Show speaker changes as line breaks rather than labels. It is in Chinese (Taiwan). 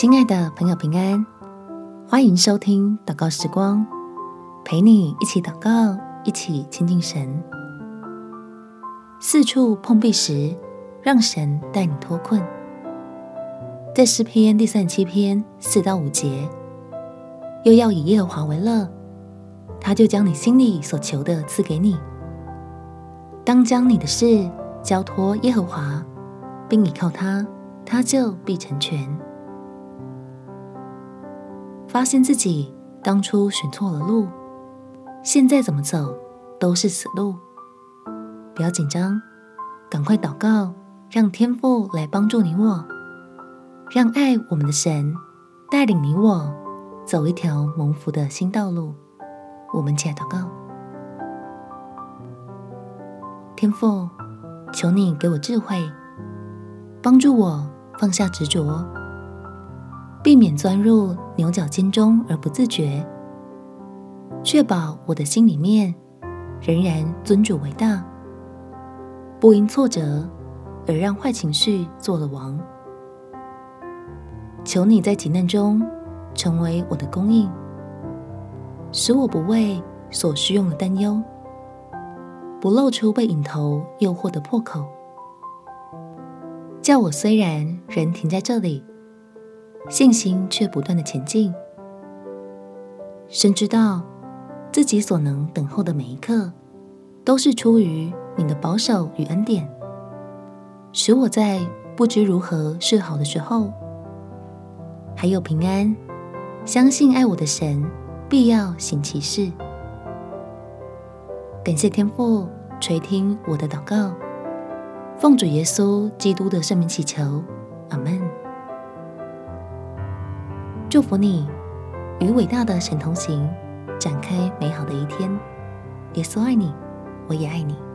親愛的朋友，平安！歡迎收聽禱告時光，陪你一起禱告，一起親近神。四處碰壁時，讓神帶你脫困。在詩篇第三十七篇四到五節，又要以耶和華為樂，他就將你心裡所求的賜給你。當將你的事交托耶和華，並倚靠他，他就必成全。發現自己當初選錯了路，現在怎麼走都是死路。不要緊張，趕快禱告，讓天父來幫助你我，讓愛我們的神帶領你我走一條蒙福的新道路。我們起來禱告：天父，求你給我智慧，幫助我放下執着，避免鑽入。牛角尖中而不自覺，確保我的心裡面仍然尊主為大，不因挫折而讓壞情緒做了王。求你在急難中成為我的供應，使我不為所需用的擔憂，不露出被引頭誘惑的破口，叫我雖然人停在這裡，信心卻不斷的前進，深知道自己所能等候的每一刻，都是出於你的保守與恩典，使我在不知如何是好的時候，還有平安。相信愛我的神必要行其事。感謝天父垂聽我的禱告，奉主耶穌基督的聖名祈求。祝福你，與偉大的神同行，展開美好的一天。耶穌愛你，我也愛你。